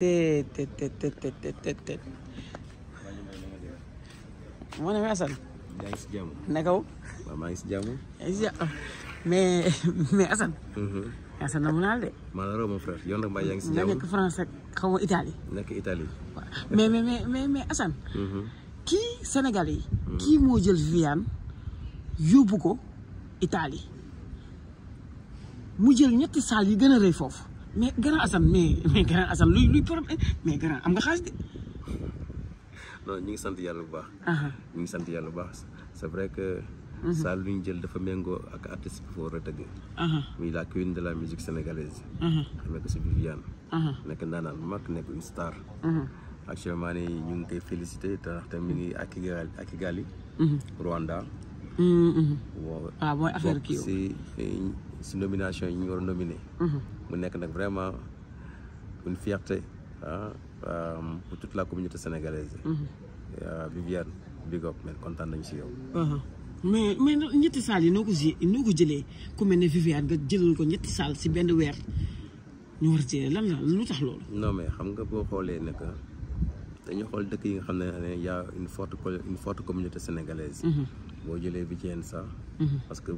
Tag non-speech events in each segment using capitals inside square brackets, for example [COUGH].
déet déet déet déet moo ne Assane. yaa ngi si jàmm. nakaw. waaw maa ngi si jàmm. mais na mu naal de. maa la raw ma frère yow nag maa yaa ngi si jàmm. nga kii Sénégal yi. kii moo jël Viviane yóbbu ko Italie mu jël ñetti salle yi gën a rëy foofu. mais grand Assane mais mais grand Assane luy luy mais grand am nga xaalis de. non ñu ngi sant yàlla bu baax. ñu ngi sant yàlla bu baax c' est vrai que. Mhm. saa lu jël dafa méngoo ak artiste bi foo war a tëgg. muy la queen de la musique sénégalaise. xamee ko si Viviane. nekk ndaanaan mag nekk une star. actuellement nii ñu ngi koy félicité te tamit mi ngi Akigali Akigali. Mhm. Rwanda. Mhm, waaw ah, mooy affaire kii une nomination yi mhm. vraiment une fierté hein, euh, pour toute la communauté sénégalaise. Mhm. Euh, Viviane big up man content nañ si yow. Uh-huh. mais mais ñetti yi Viviane ko ñetti ñu war non mais une forte une forte communauté sénégalaise. Mhm. bo parce que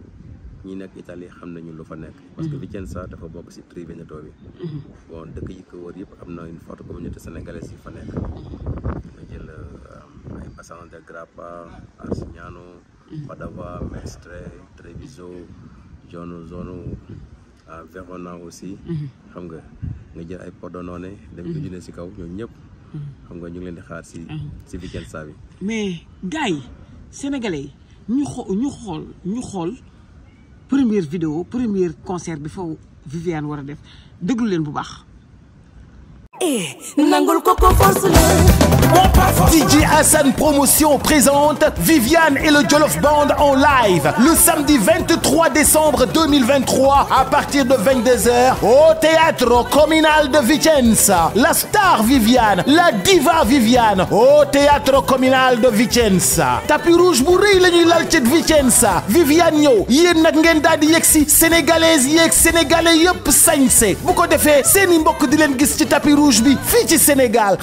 ñu nekk Italie xam nañu lu fa nekk parce que mm-hmm. Vicenza dafa bokk ci Triveneto bi mm-hmm. bon dëkk yi ko wër yëpp am na une forte communauté sénégalaise yi fa nekk nga mm-hmm. jël euh, ay Bassano del Grappa Arsignano Padova Mestre Treviso zone zone ah, Verona aussi xam nga nga jël ay Pordenone dem ko junne ci kaw ñoom ñëpp xam nga ñu ngi leen di xaar ci ci Vicenza bi mais gars yi sénégalais yi ñu ñu xool ñu xool première vidéo première concert bi fa Viviane war a def déglu leen bu baax. Eh, nangul ko ko force la. DJ Hassan Promotion présente Viviane et le Jolof Band en live le samedi 23 décembre 2023 à partir de 22h au Théâtre Communal de Vicenza. La star Viviane, la diva Viviane au Théâtre Communal de Vicenza. Tapis rouge bourré Vicenza Viviane Yo Yen nag ngeen daal di yegsi sénégalaises sénégalais yop bu ko rouge bi Sénégal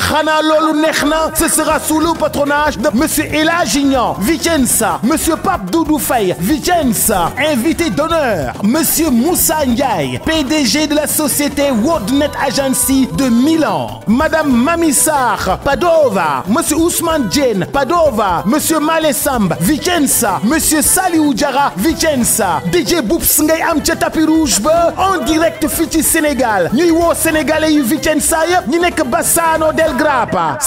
ce sera sous le patronage de Monsieur Ella Gignan, Vicenza, Monsieur Pape Doudou Vicenza, invité d'honneur, Monsieur Moussa Ndiaye, PDG de la société WorldNet Agency de Milan, Madame Mamissar, Padova, Monsieur Ousmane Djen, Padova, Monsieur Malessamb, Vicenza, Monsieur Sali Diara, Vicenza, DJ Boups ngay am en direct Fiti Sénégal ñuy World sénégalais yu Vicenza Bassano del Grappa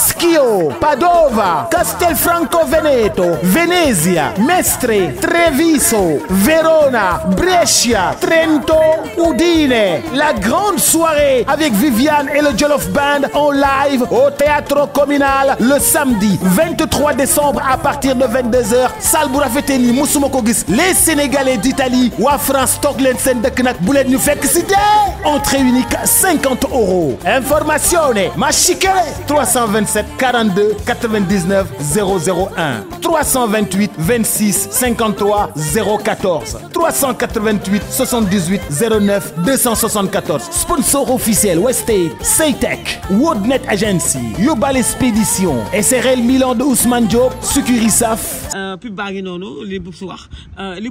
Padova, Castelfranco Veneto, Venezia, Mestre, Treviso, Verona, Brescia, Trento, Udine. La grande soirée avec Viviane et le Jollof Band en live au Théâtre Communal le samedi 23 décembre à partir de 22h. Salle Feteli, les Sénégalais d'Italie à France toog de Boulet dëkk Entrée unique 50 euros. Information Machikere 327 42 99 001 328 26 53 014 388 78 09 274 sponsor officiel Westate Saytech Woodnet Agency Yobal Expedition SRL Milan de Ousmane Diop Sucurisaf euh, pub baa Nono Les Boussoirs Les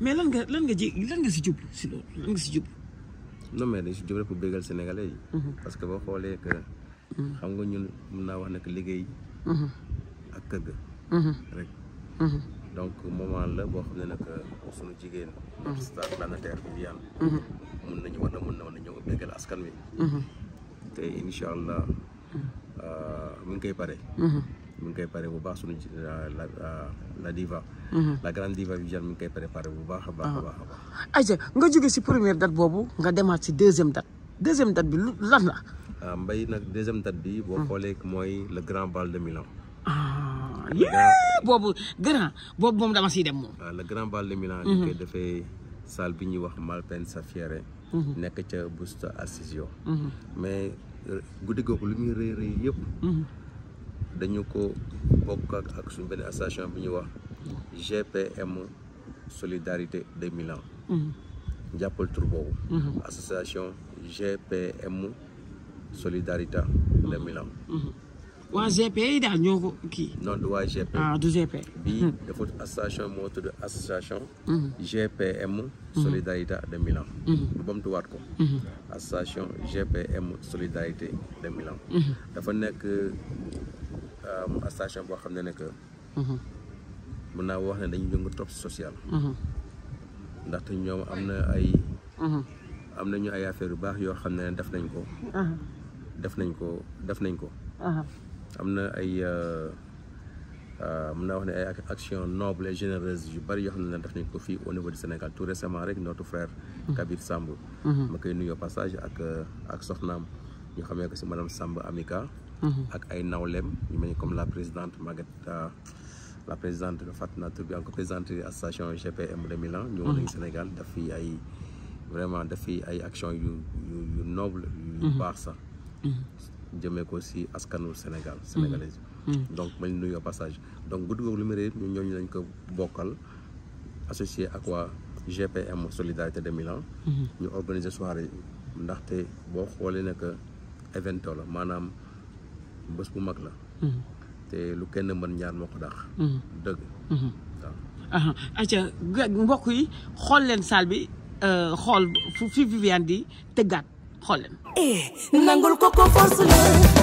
mais l'angle l'angle lan c'est non mais dañ si jóg rek pour bégal sénégalais mhm. parce que boo xoolee que. Mhm. xam nga ñun mun naa wax ne que liggéey. Mhm. ak kër ga. rek. donc moment la boo xam ne nag euh, sunu jigéen. star planétaire Viviane. mun nañu war na mun na war na ñëw bégal askan wi. te incha allah. mu euh, ngi koy pare. mi ngi koy pare la la diva. Mhm. la grande diva Viviane mi ngi koy préparé bu baax a baax a ah. baax. nga jóge si première date boobu nga demaat si deuxième date deuxième date bi lu la. ah mbay deuxième date bi. boo mhm. xoolee moy le grand bal de Milan. ah boobu grand bobo, moom dama si dem ah, le grand bal de Milan. ñu mhm. koy defee salle bi ñuy wax Malpensa Fiere. nekk ca Busto Arsizio. mais euh, guddi googu lu re rëy dañu ko bokk ak ak benn association bi ñuy wax GPM solidarité 2000 ans mhm. jàppal tur boobu mhm. association GPM solidarité 2000 Milan. Mhm. waa GP yi daal ñoo ko kii. non du waa GP. ah du GP. bii dafa association moo tudd association. GPM. solidarité de Milan. du bamtuwaat ko. association GPM solidarité de Milan. dafa nekk station boo xam ne ne que. Mhm. mën naa wax ne dañuy yëngu trop social. Mhm. ndaxte ñoom am na ay. Mhm. am nañu ay affaire yu baax yoo xam ne def nañ ko. def nañ ko def nañ ko. am na ay euh, euh, mën naa wax ne ay action noble et généreuse yu bari yoo xam ne def nañ ko fii au niveau du Sénégal tout récemment rek notre frère. Kabir Samb. ma koy nuyoo passage ak euh, ak soxnaam ñu xamee ko si madame Samb Amika. Mm-hmm. ak ay nawlem ñu mel ni comme la présidente Magata euh, la présidente de Fatna naa encore présidente association GPM de Milan ñëw au mm-hmm. Sénégal daf fi ay vraiment daf fi ay action yu yu noble yu mm-hmm. baax sax jëmee ko si askanu Sénégal sénégalais donc ma leen nuyu passage donc guddi googu lu ñu ñooñu lañ ko bokal associé ak quoi GPM Solidarité de Milan ñu organiser soirée ndaxte boo xoolee ne que événement la maanaam bés bu mag la hmm. te lu kenn mën ñaar moo ko dàq hmm. dëgg hmm. Ah, mbokk yi xool leen saal bi euh, xool fu fi Viviane di tëggaat xool leen eh, nangul ko ko force la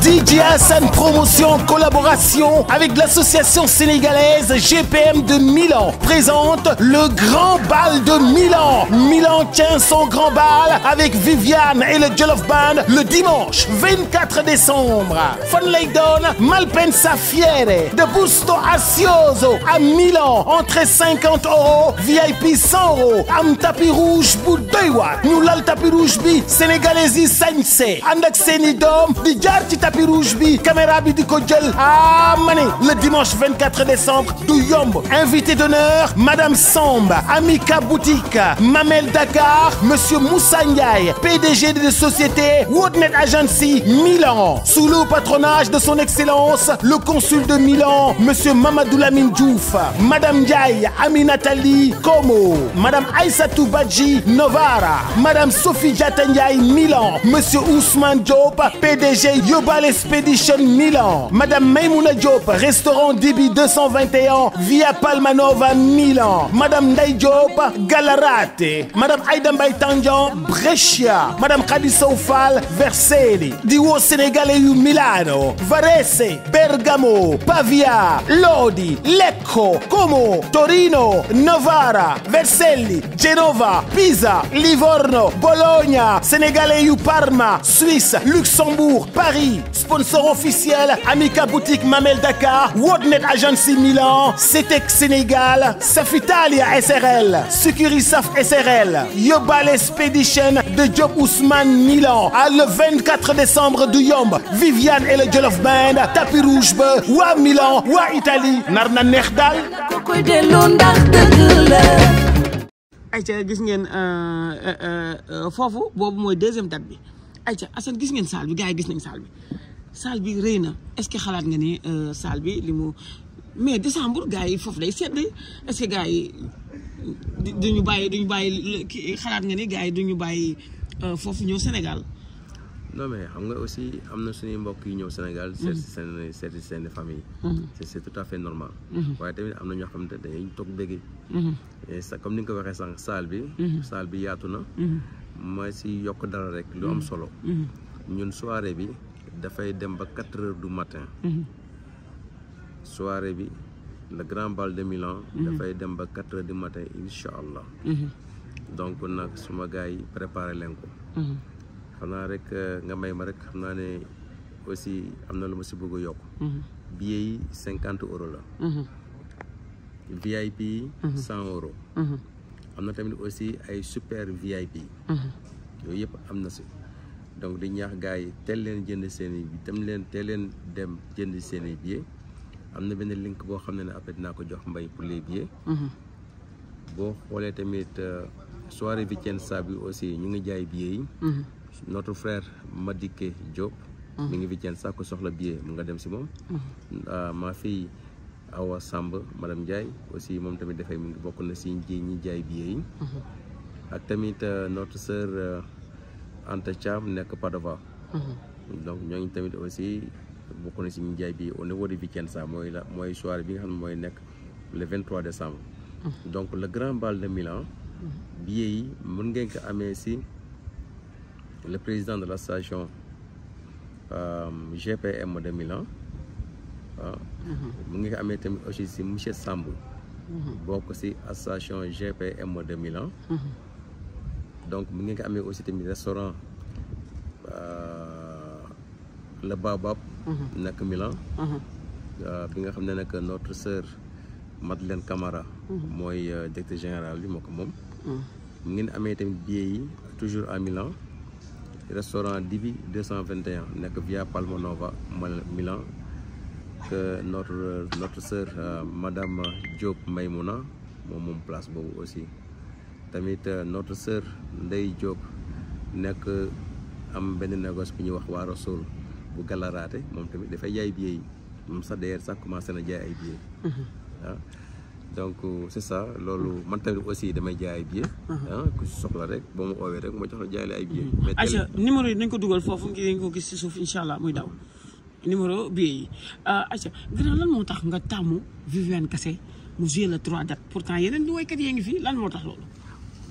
DJ Hassan Promotion collaboration avec l'association sénégalaise GPM de Milan présente le Grand Bal de Milan. Milan tient son Grand Bal avec Viviane et le Jollof Band le dimanche 24 décembre. Fun Laydon, Malpensa Fiere, de Busto Asioso à Milan, entre 50 euros, VIP 100 euros, am tapis rouge pour B, Nous l'al tapis rouge bi, sénégalais Andak di rouge bi caméra bi ah, le dimanche 24 décembre du yomb invité d'honneur madame Samba Amika Boutique Mamel Dakar monsieur Moussa Ndiaye PDG de société Woodnet Agency Milan sous le patronage de son excellence le consul de Milan monsieur Mamadou Lamine Diouf madame Ndiaye Nathalie, Komo madame Aïssatou Badji Novara madame Sophie Jatanyay Milan monsieur Ousmane Diop PDG Yobal Expedition Milan Madame Maimouna Diop restaurant db 221 Via Palmanova Milan Madame Ndai Galarate Madame Aïda Mbaye Brescia Madame Khadissa Sow Verseli Vercelli Milano Varese Bergamo Pavia Lodi Lecco Como Torino Novara Vercelli Genova Pisa Livorno Bologna sénégalais Parma Suisse Luxembourg Paris. Sponsor officiel, Amica Boutique Mamel Dakar, Wodnet Agency Milan, CETEC Sénégal, Safitalia SRL, Securisaf SRL, Yobal Expedition de Job Ousmane Milan, à le 24 décembre du Yomb, Viviane et le Jollof Band, Tapis Rouge Wa Milan, Wa Italie, Narna Nerdal. ayca Assane gis ngeen saal bi gars yi gis nañ saal bi saal bi rëy na est-ce que xalaat nga ni euh, saal bi li mu mais décembre gars yi foofu day sedd est-ce que yi duñu bàyyi duñu bàyyi xalaat nga ni gars yi duñu bàyyi euh, foofu ñëw Sénégal. non mais xam nga aussi am na suñuy mbokk yu ñëw Sénégal. Mhm. seet si seen seet si seen famille. Mhm. c'est c'est tout à fait normal. Mhm. waaye tamit am na ñoo xamante ne dañuy toog dégg. et comme ni nga ko waxee sànq saal bi. saal bi yaatu na. ma si yokk dara rek lu am mm-hmm. solo mm-hmm. ñun soirée bi dafay dem ba quatre heures du matin mm-hmm. soirée bi le grand bal de Milan dafay dem ba quatre heures du matin incha allah donc nag suma gars yi préparé leen ko xam naa rek euh, nga may ma rek xam naa ne aussi am na lu ma si bëgg a yokk billets yi cinquante euros la VIP cent euros On aussi ay super VIP. Mhm. donc les gars leen jënd bi tam leen leen dem na benn link pour les billets. de mhm. euh, soirée tamit soirée aussi mhm. notre frère Madiké Diop. que ko soxla billet mu nga euh, ma fille Awa Samba, madame Jai, aussi moom tamit dafay famille, ngi bokk na si ji ñi jaay mhm. ak tamit euh, notre sœur euh, Anta Thiam pas Padova mhm. donc nous tamit aussi beaucoup na si Jai jaay au niveau du week-end la mooy soirée bi nga xam ne mooy le 23 décembre mhm. donc le grand bal de Milan billets mon mën ngeen ko amee si le président de la station euh, GPM de Milan waaw mhm. mu ngi amee tamit aussi si monsieur Samb mhm. bokk si association GPM de Milan mhm. donc mu ngi amee aussi tamit restaurant euh, le Babab, à Milan bi euh, nga xam ne notre sœur Madeleine Camara mooy euh, directeur général bi moo ko moom mu ngi tamit yi toujours à Milan restaurant Divi 221 nekk via Palmonova, Milan ak notre notre sœur euh, madame Diop Maymouna moom moom place boobu aussi tamit euh, notre sœur Ndeye Diop nekk am benn négoce bu ñu wax waa sol bu Galaraate moom tamit dafay jaay billets yi moom sax d'ailleurs sax commencé na jaay ay billets mhm. ah donc euh, c'est ça loolu man tamit aussi damay jaay ay billets mhm. ah ku si soxla rek boo ma oowee rek ma jox la jaay la ay billets. Mhm. mais numéro yi nañ ko dugal foofu ngir ko gis si suuf incha allah muy daw. numéro billet yi euh, aca lan moo tax nga tàmmu Viviane Kassé mu joué la trois dates pourtant yeneen du woykat yee ngi fii lan moo tax loolu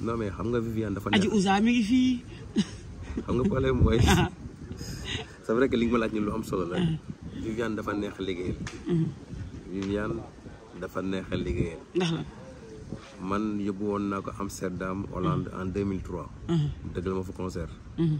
non mais xam nga Viviane dafa aji Ouza mi ngi fii xam nga problème mooy [LAUGHS] ah. [LAUGHS] c'est vrai que li nga ma laaj ñu lu am solo la ah. Viviane dafa neex liggéeyal mm-hmm. Viviane dafa neex a liggéeyal ndax la man yóbbu woon naa ko Amsterdam Hollande en 2003 mm-hmm. dëgg la ma fa concert mm-hmm.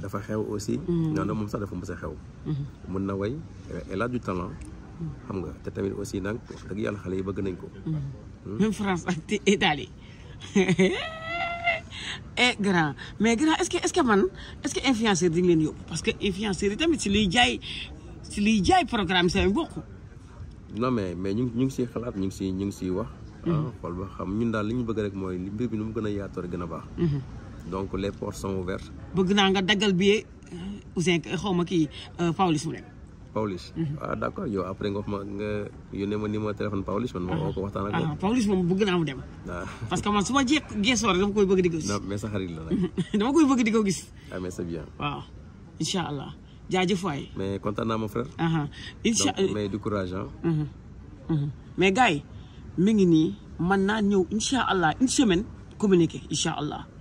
dafa xew aussi. noonu mm. moom sax dafa mës a xew. Mm-hmm. mun na way elle a du talent. Mm. xam nga te tamit aussi nag wax dëgg yàlla xale yi bëgg nañ ko. Mm-hmm. Mm. même France ak Italie [LAUGHS] et eh, grand mais que est-ce que man est-ce que leen yóbbu parce que influenceur yi tamit si liy jaay si liy jaay programme seen bokk. non mais mais ñu ngi ñu ngi siy xalaat ñu ngi si ñu ngi siy wax. Mm-hmm. Ah, xool ba xam ñun daal li ñu bëgg rek mooy mbir bi nu mu gën a yaatoo rek gën a baax. donc les portes sont ouvertes. bëgg naa nga daggal billet euh, Ouzin xaw ma kii euh, Pawlish mu dem. Pawlish. Mhm. ah d'accord. Yo après nga wax ma nga yónnee ma numéro téléphone Paulis, man ma ah. woo ko waxtaan ak ah Paulis moom bëgg naa mu dem. Ah. parce que man suma ma jeex rek dama koy bëgg di non mais sa xarit la nag. [LAUGHS] dama koy bëgg di ko gis. ah mais c'est bien. waaw Inshallah. allah fay. mais kontaan naa mon frère. Aha. Ah, inshallah. mais du courage hein. Mhm. Mhm. mais gars yi mi ngi nii man na ñëw inshallah allah une semaine communiquer, inshallah. allah.